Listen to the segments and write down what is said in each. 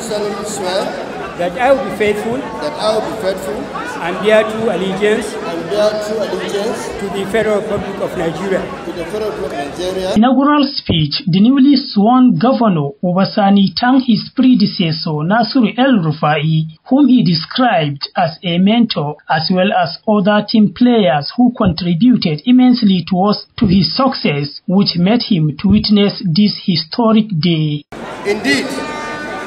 Jerusalem, swear that I will be faithful that I will be faithful and bear true allegiance and bear true allegiance to the Federal Republic of Nigeria. To the Federal Republic of Nigeria. inaugural speech, the newly sworn governor Obasani thanked his predecessor Nasuri El Rufai, whom he described as a mentor, as well as other team players who contributed immensely towards to his success, which made him to witness this historic day. Indeed,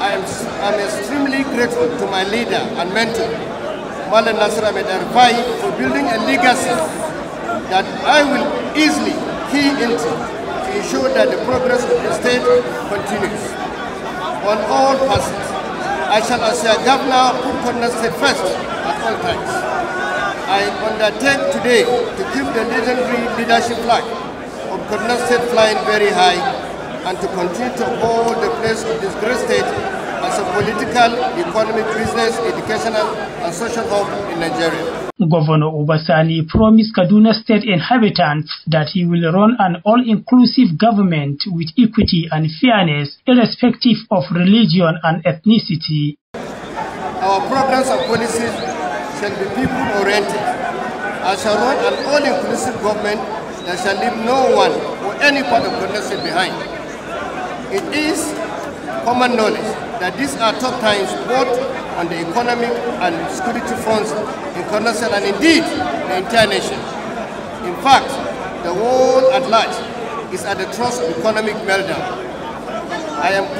I am, I'm extremely grateful to my leader and mentor, Malan Nasir Ahmed Arfai, for building a legacy that I will easily key into to ensure that the progress of the state continues. On all facets, I shall as a governor put Kaduna State first at all times. I undertake today to keep the legendary leadership flag of Kaduna State flying very high and to continue to hold the place of this great state as a political, economic, business, educational, and social hub in Nigeria. Governor Obasani promised Kaduna State inhabitants that he will run an all-inclusive government with equity and fairness, irrespective of religion and ethnicity. Our programs and policies shall be people-oriented I shall run an all-inclusive government that shall leave no one or any part of Kaduna State behind. It is common knowledge that these are tough times both on the economic and security fronts in Cornell and indeed the entire nation. In fact, the world at large is at the trust of economic meltdown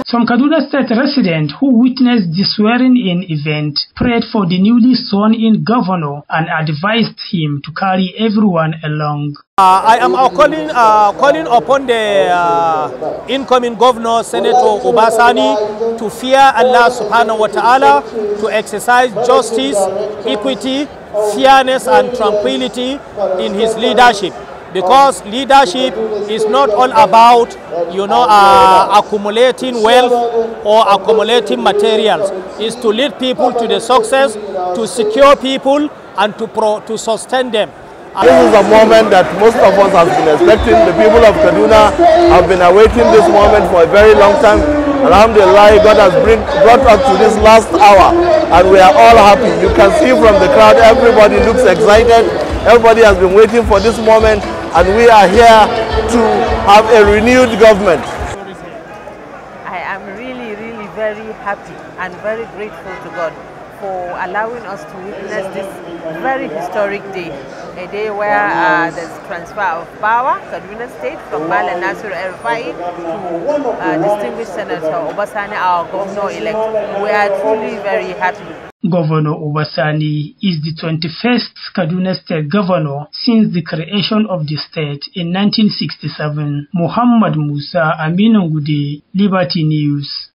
some Kaduna State residents who witnessed the swearing-in event prayed for the newly sworn-in governor and advised him to carry everyone along. Uh, I am uh, calling, uh, calling upon the uh, incoming governor, Senator Obasani, to fear Allah subhanahu wa ta'ala, to exercise justice, equity, fairness and tranquility in his leadership because leadership is not all about you know uh, accumulating wealth or accumulating materials is to lead people to the success to secure people and to pro to sustain them this is a moment that most of us have been expecting. The people of Kaduna have been awaiting this moment for a very long time. Alhamdulillah, God has bring, brought us to this last hour and we are all happy. You can see from the crowd, everybody looks excited. Everybody has been waiting for this moment and we are here to have a renewed government. I am really, really very happy and very grateful to God for allowing us to witness this very historic day. A day where uh, there's transfer of power, Kaduna State, from Bala Nasir Erfai to uh, distinguished Senator Obasani, our governor-elect. We are truly very happy. Governor Obasani is the 21st Kaduna State Governor since the creation of the state in 1967. Muhammad Musa Aminu Gude, Liberty News.